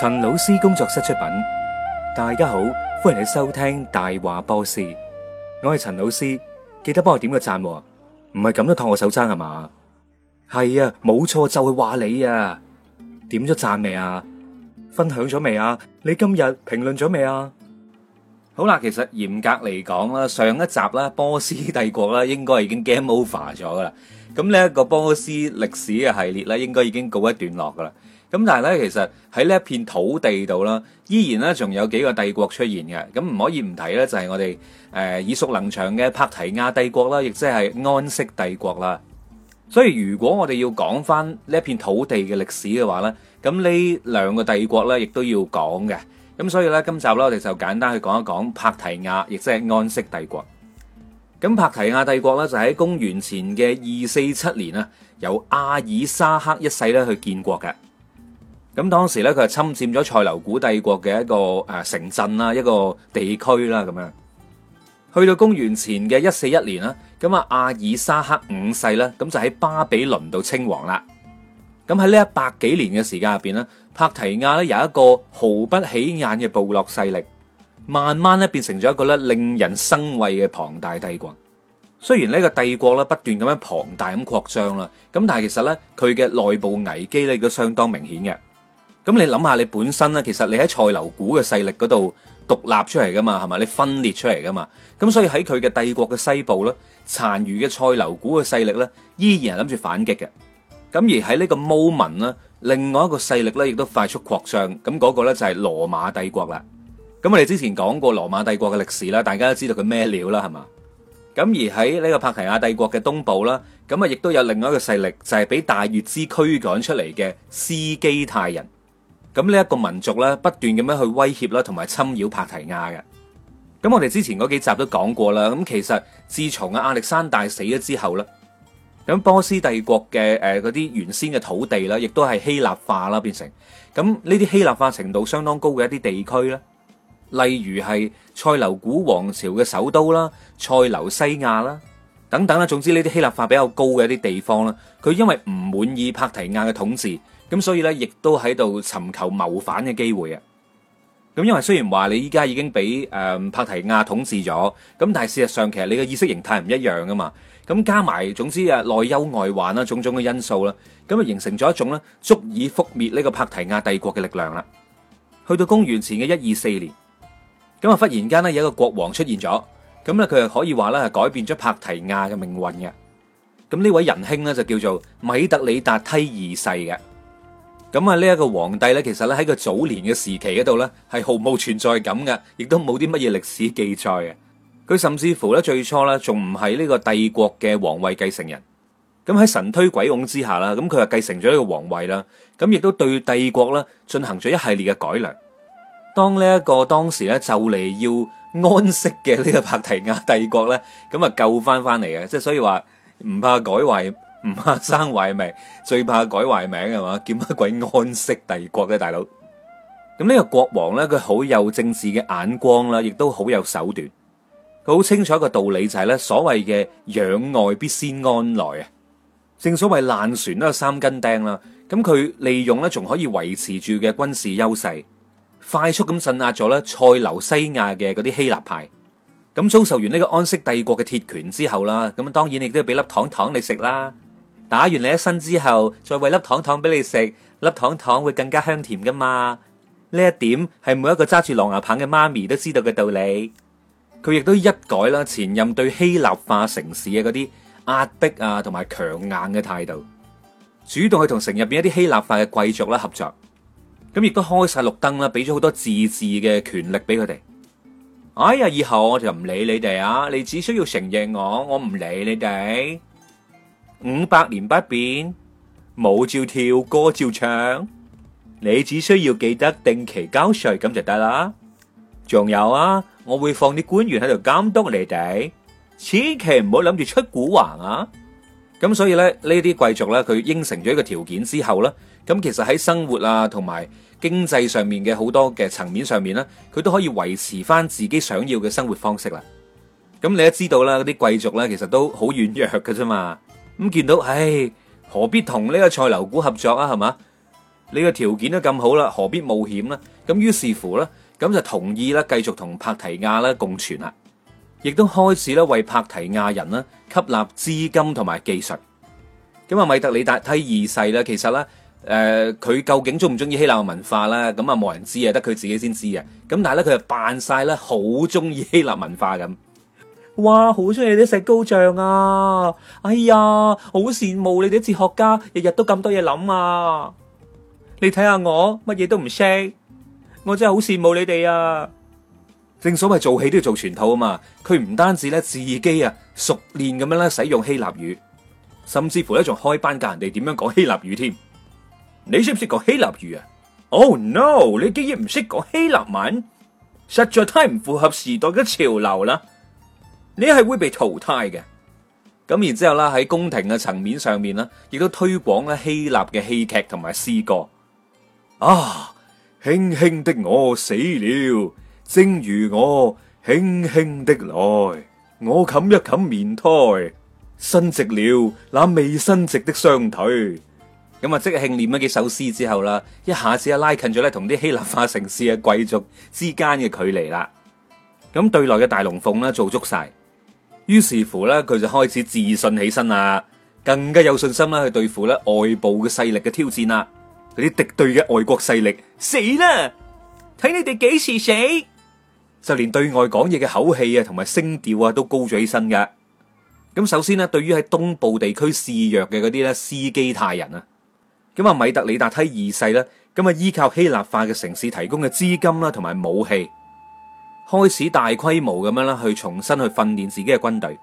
陳老師工作室出品，大家好，歡迎你收聽大話波斯。我係陳老師，記得幫我點個讚、哦，唔係咁都托我手踭係嘛？係啊，冇錯就會話你啊，點咗讚未啊？分享咗未啊？你今日評論咗未啊？好啦，其實嚴格嚟講啦，上一集啦，波斯帝國啦，應該已經 game over 咗噶啦。咁呢一個波斯歷史嘅系列咧，應該已經告一段落噶啦。咁但係咧，其實喺呢一片土地度啦，依然咧仲有幾個帝國出現嘅。咁唔可以唔提咧，就係、是、我哋誒耳熟能詳嘅帕提亞帝國啦，亦即係安息帝國啦。所以如果我哋要講翻呢一片土地嘅歷史嘅話咧，咁呢兩個帝國咧，亦都要講嘅。咁所以咧，今集咧我哋就簡單去講一講帕提亞，亦即係安息帝國。咁帕提亞帝國咧就喺公元前嘅二四七年啊，由阿爾沙克一世咧去建國嘅。咁當時咧，佢係侵佔咗塞琉古帝國嘅一個誒城鎮啦，一個地區啦，咁樣。去到公元前嘅一四一年啦，咁啊阿爾沙克五世咧，咁就喺巴比倫度稱王啦。咁喺呢一百幾年嘅時間入邊咧，帕提亞咧由一個毫不起眼嘅部落勢力，慢慢咧變成咗一個咧令人生畏嘅龐大帝國。雖然呢個帝國咧不斷咁樣龐大咁擴張啦，咁但係其實咧佢嘅內部危機咧都相當明顯嘅。咁你諗下，你本身咧，其實你喺塞留古嘅勢力嗰度獨立出嚟噶嘛？係嘛？你分裂出嚟噶嘛？咁所以喺佢嘅帝國嘅西部咧，殘餘嘅塞留古嘅勢力咧，依然係諗住反擊嘅。咁而喺呢個 moment 呢，另外一個勢力咧，亦都快速擴張。咁，那，嗰個咧就係，是，羅馬帝國啦。咁我哋之前講過羅馬帝國嘅歷史啦，大家都知道佢咩料啦，係嘛？咁而喺呢個帕提亞帝國嘅東部啦，咁啊，亦都有另外一個勢力就係，是，俾大月氏驅趕出嚟嘅斯基泰太人。咁呢一個民族咧，不斷咁樣去威脅啦，同埋侵擾帕提亞嘅。咁我哋之前嗰幾集都講過啦。咁其實自從亞歷山大死咗之後啦，咁波斯帝國嘅誒嗰啲原先嘅土地啦，亦都係希臘化啦，變成咁呢啲希臘化程度相當高嘅一啲地區啦。例如係塞琉古王朝嘅首都啦，塞琉西亞啦，等等啦。總之呢啲希臘化比較高嘅一啲地方啦，佢因為唔滿意帕提亞嘅統治。咁所以咧，亦都喺度尋求謀反嘅機會啊！咁因為雖然話你依家已經俾誒帕提亞統治咗，咁但係事實上其實你嘅意識形態唔一樣噶嘛，咁加埋總之啊內憂外患啦，種種嘅因素啦，咁啊形成咗一種咧足以覆滅呢個帕提亞帝國嘅力量啦。去到公元前嘅一二四年，咁啊忽然間咧有一個國王出現咗，咁咧佢又可以話咧係改變咗帕提亞嘅命運嘅。咁呢位仁兄咧就叫做米特里達梯二世嘅。咁啊，呢一個皇帝咧，其實咧喺個早年嘅時期嗰度咧，係毫無存在感嘅，亦都冇啲乜嘢歷史記載嘅。佢甚至乎咧最初咧，仲唔係呢個帝國嘅皇位繼承人。咁喺神推鬼拱之下啦，咁佢啊繼承咗呢個皇位啦。咁亦都對帝國咧進行咗一系列嘅改良。當呢一個當時咧就嚟要安息嘅呢個帕提亞帝國咧，咁啊救翻翻嚟嘅，即係所以話唔怕改為。唔怕生壞命，最怕改壞名係嘛？叫乜鬼安息帝國咧，大佬。咁呢個國王咧，佢好有政治嘅眼光啦，亦都好有手段。佢好清楚一個道理就係咧，所謂嘅攘外必先安內啊。正所謂爛船都有三根釘啦。咁佢利用咧，仲可以維持住嘅軍事優勢，快速咁鎮壓咗咧塞琉西亞嘅嗰啲希臘派。咁遭受完呢個安息帝國嘅鐵拳之後啦，咁當然你都要俾粒糖糖你食啦。打完你一身之後，再餵粒糖糖俾你食，粒糖糖會更加香甜噶嘛？呢一點係每一個揸住狼牙棒嘅媽咪都知道嘅道理。佢亦都一改啦前任對希臘化城市嘅嗰啲壓迫啊同埋強硬嘅態度，主動去同城入邊一啲希臘化嘅貴族啦合作。咁亦都開晒綠燈啦，俾咗好多自治嘅權力俾佢哋。哎呀，以後我就唔理你哋啊！你只需要承認我，我唔理你哋。五百年不變，舞照跳，歌照唱，你只需要記得定期交稅，咁就得啦。仲有啊，我會放啲官員喺度監督你哋，千祈唔好諗住出古惑啊！咁所以咧，貴呢啲貴族咧，佢應承咗一個條件之後咧，咁其實喺生活啊同埋經濟上面嘅好多嘅層面上面咧，佢都可以維持翻自己想要嘅生活方式啦。咁你都知道啦，嗰啲貴族咧，其實都好軟弱噶啫嘛。咁見到，唉、哎，何必同呢個塞琉古合作啊？係嘛？你個條件都咁好啦，何必冒險呢，啊？咁於是乎咧，咁就同意啦，繼續同帕提亞啦共存啦，亦都開始咧為帕提亞人啦吸納資金同埋技術。咁啊，米特里達梯二世咧，其實咧，誒、呃、佢究竟中唔中意希臘文化啦？咁啊，冇人知啊，得佢自己先知嘅。咁但係咧，佢就扮晒啦，好中意希臘文化咁。哇，好中意你啲石膏像啊！哎呀，好羨慕你哋啲哲學家，日日都咁多嘢諗啊！你睇下我，乜嘢都唔識，我真係好羨慕你哋啊！正所謂做戲都要做全套啊嘛！佢唔單止咧自己啊熟練咁樣咧使用希臘語，甚至乎咧仲開班教人哋點樣講希臘語添。你識唔識講希臘語啊？Oh no！你竟然唔識講希臘文，實在太唔符合時代嘅潮流啦！你係會被淘汰嘅，咁然之後啦，喺宮廷嘅層面上面啦，亦都推廣咧希臘嘅戲劇同埋詩歌。啊，輕輕的我死了，正如我輕輕的來，我冚一冚棉胎，伸直了那未伸直的雙腿。咁啊，即興念咗幾首詩之後啦，一下子啊拉近咗咧同啲希臘化城市嘅貴族之間嘅距離啦。咁對內嘅大龍鳳啦，做足晒。於是乎咧，佢就開始自信起身啦，更加有信心啦去對付咧外部嘅勢力嘅挑戰啦，嗰啲敵對嘅外國勢力死啦！睇你哋幾時死？就連對外講嘢嘅口氣啊，同埋聲調啊，都高咗起身噶。咁首先咧，對於喺東部地區肆虐嘅嗰啲咧斯基泰人啊，咁啊米特里達梯二世咧，咁啊依靠希臘化嘅城市提供嘅資金啦，同埋武器。開始大規模咁樣啦，去重新去訓練自己嘅軍隊，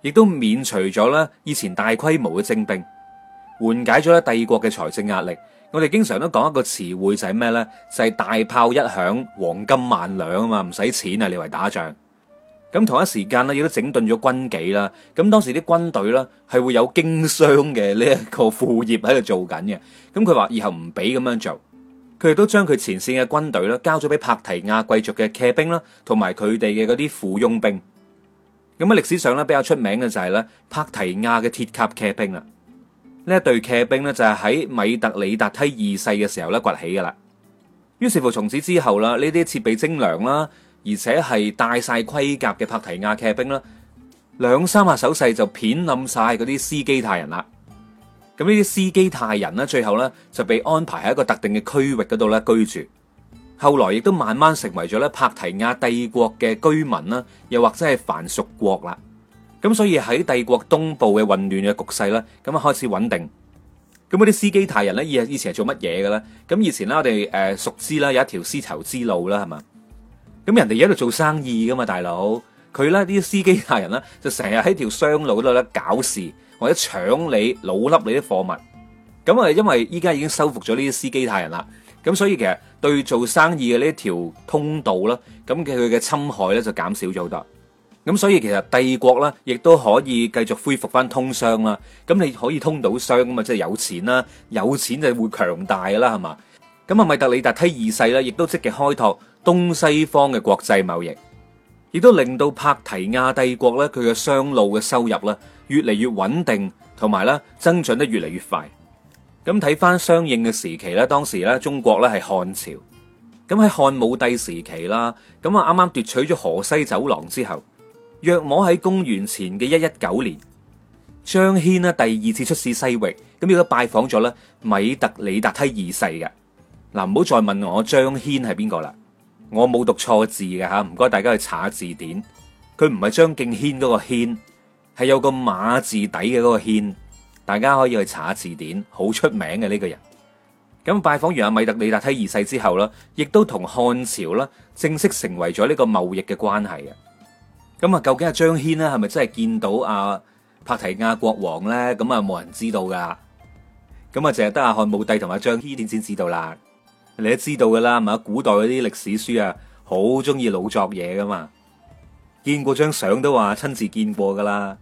亦都免除咗咧以前大規模嘅徵兵，緩解咗咧帝國嘅財政壓力。我哋經常都講一個詞彙就係咩咧，就係大炮一響，黃金萬兩啊嘛，唔使錢啊，你為打仗。咁同一時間咧，亦都整頓咗軍紀啦。咁當時啲軍隊咧係會有經商嘅呢一個副業喺度做緊嘅。咁佢話以後唔俾咁樣做。佢亦都將佢前線嘅軍隊啦，交咗俾帕提亞貴族嘅騎兵啦，同埋佢哋嘅嗰啲附庸兵。咁喺歷史上咧比較出名嘅就係咧帕提亞嘅鐵甲騎兵啦。呢一隊騎兵咧就係喺米特里達梯二世嘅時候咧崛起噶啦。於是乎從此之後啦，呢啲設備精良啦，而且係戴晒盔甲嘅帕提亞騎兵啦，兩三下手勢就片冧晒嗰啲斯基泰人啦。咁呢啲斯基泰人咧，最後咧就被安排喺一個特定嘅區域嗰度咧居住，後來亦都慢慢成為咗咧帕提亞帝國嘅居民啦，又或者係藩屬國啦。咁所以喺帝國東部嘅混亂嘅局勢咧，咁啊開始穩定。咁嗰啲斯基泰人咧，以以前係做乜嘢嘅咧？咁以前啦，我哋誒熟知啦有一條絲綢之路啦，係嘛？咁人哋喺度做生意噶嘛，大佬佢咧啲斯基泰人咧就成日喺條商路度咧搞事。或者搶你老笠你啲貨物，咁啊，因為依家已經收復咗呢啲斯基泰人啦，咁所以其實對做生意嘅呢條通道啦，咁佢嘅侵害咧就減少咗好多，咁所以其實帝國咧亦都可以繼續恢復翻通商啦。咁你可以通到商咁啊，即係有錢啦，有錢就會強大啦，係嘛？咁啊，米特里達梯二世咧，亦都積極開拓東西方嘅國際貿易，亦都令到帕提亞帝國咧佢嘅商路嘅收入咧。越嚟越穩定，同埋咧增長得越嚟越快。咁睇翻相應嘅時期咧，當時咧中國咧係漢朝。咁喺漢武帝時期啦，咁啊啱啱奪取咗河西走廊之後，約莫喺公元前嘅一一九年，張騫咧第二次出使西域，咁亦都拜訪咗咧米特里達梯二世嘅。嗱，唔好再問我張騫係邊個啦？我冇讀錯字嘅吓，唔該大家去查字典，佢唔係張敬軒嗰個軒。係有個馬字底嘅嗰個騫，大家可以去查下字典，好出名嘅，呢個人。咁拜訪完阿米特里達梯二世之後啦，亦都同漢朝啦正式成為咗呢個貿易嘅關係啊。咁啊，究竟阿張騫咧係咪真係見到阿帕提亞國王咧？咁啊，冇人知道噶。咁啊，淨係得阿漢武帝同阿張騫點先知道啦。你都知道噶啦，係咪古代嗰啲歷史書啊，好中意老作嘢噶嘛。見過張相都話親自見過噶啦。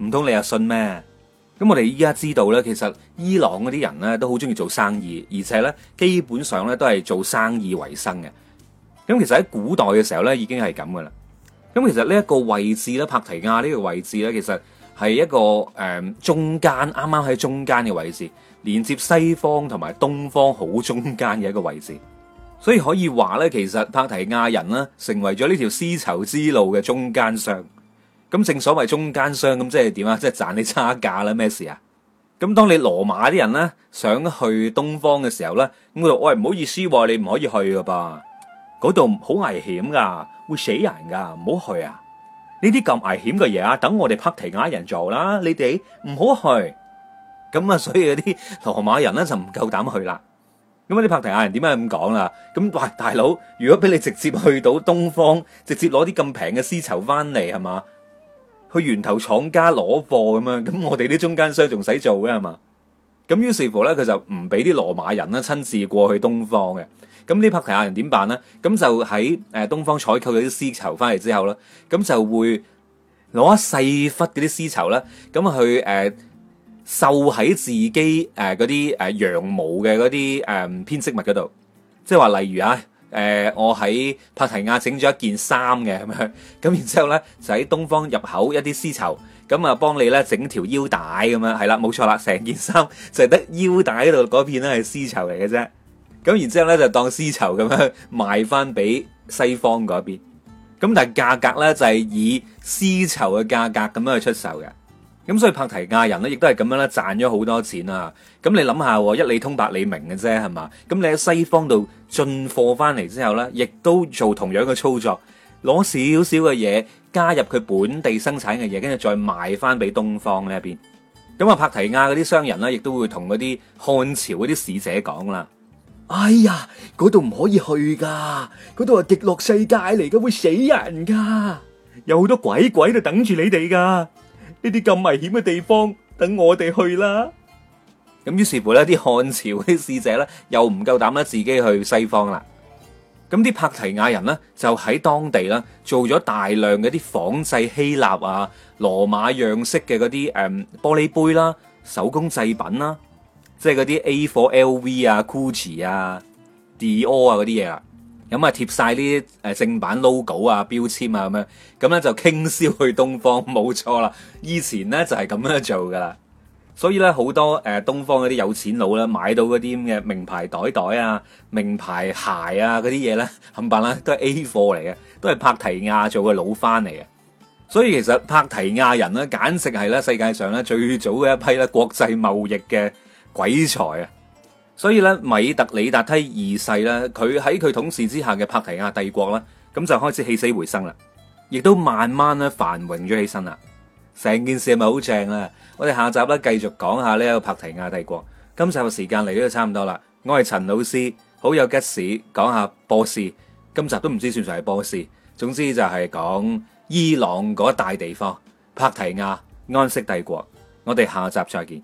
唔通你又信咩？咁我哋依家知道咧，其實伊朗嗰啲人咧都好中意做生意，而且咧基本上咧都係做生意為生嘅。咁其實喺古代嘅時候咧，已經係咁噶啦。咁其實呢一個位置咧，帕提亞呢個位置咧，其實係一個誒中間，啱啱喺中間嘅位置，連接西方同埋東方好中間嘅一個位置。所以可以話咧，其實帕提亞人呢成為咗呢條絲綢之路嘅中間商。咁正所謂中間商咁即係點啊？即係賺你差價啦，咩事啊？咁當你羅馬啲人咧想去東方嘅時候咧，咁佢：喂，唔好意思，你唔可以去噶噃，嗰度好危險噶，會死人噶，唔好去啊！呢啲咁危險嘅嘢啊，等我哋帕提亞人做啦，你哋唔好去。咁啊，所以嗰啲羅馬人咧就唔夠膽去啦。咁啊，啲帕提亞人點解咁講啦？咁喂，大佬，如果俾你直接去到東方，直接攞啲咁平嘅絲綢翻嚟，係嘛？去源頭廠家攞貨咁樣，咁我哋啲中間商仲使做嘅係嘛？咁於是乎咧，佢就唔俾啲羅馬人咧親自過去東方嘅。咁呢帕提亞人點辦咧？咁就喺誒東方採購咗啲絲綢翻嚟之後咧，咁就會攞一細忽嗰啲絲綢咧，咁去誒繡喺自己誒嗰啲誒羊毛嘅嗰啲誒編織物嗰度，即係話例如啊～誒、呃，我喺帕提亞整咗一件衫嘅咁樣，咁然之後咧就喺東方入口一啲絲綢，咁啊幫你咧、嗯、整條腰帶咁樣，係啦冇錯啦，成件衫就係得腰帶嗰度嗰片咧係絲綢嚟嘅啫，咁然之後咧就當絲綢咁樣賣翻俾西方嗰邊，咁但係價格咧就係、是、以絲綢嘅價格咁樣去出售嘅。咁所以帕提亞人咧，亦都係咁樣咧，賺咗好多錢啦！咁你諗下，一理通百理明嘅啫，係嘛？咁你喺西方度進貨翻嚟之後咧，亦都做同樣嘅操作，攞少少嘅嘢加入佢本地生產嘅嘢，跟住再賣翻俾東方呢一邊。咁啊，帕提亞嗰啲商人咧，亦都會同嗰啲漢朝嗰啲使者講啦：哎呀，嗰度唔可以去噶，嗰度係極樂世界嚟嘅，會死人噶，有好多鬼鬼都等住你哋噶。呢啲咁危險嘅地方，等我哋去啦。咁於是乎呢啲漢朝嘅使者咧又唔夠膽咧自己去西方啦。咁啲帕提亞人呢，就喺當地啦，做咗大量嘅啲仿製希臘啊、羅馬樣式嘅嗰啲誒玻璃杯啦、啊、手工製品啦、啊，即係嗰啲 A 貨 LV 啊、Gucci 啊、Dior 啊嗰啲嘢啦。咁啊，貼晒呢啲誒正版 logo 啊、標籤啊咁樣，咁咧就傾銷去東方，冇錯啦。以前咧就係咁樣做噶啦，所以咧好多誒東方嗰啲有錢佬咧，買到嗰啲咁嘅名牌袋袋啊、名牌鞋啊嗰啲嘢咧，冚唪唥都係 A 貨嚟嘅，都係帕提亞做嘅老翻嚟嘅。所以其實帕提亞人咧，簡直係咧世界上咧最早嘅一批咧國際貿易嘅鬼才啊！所以咧，米特里達梯二世咧，佢喺佢統治之下嘅帕提亞帝國咧，咁就開始起死回生啦，亦都慢慢咧繁榮咗起身啦。成件事係咪好正啊？我哋下集咧繼續講下呢個帕提亞帝國。今集嘅時間嚟到差唔多啦，我係陳老師，好有吉士講下波斯。今集都唔知算唔算係波斯，總之就係講伊朗嗰一帶地方，帕提亞安息帝國。我哋下集再見。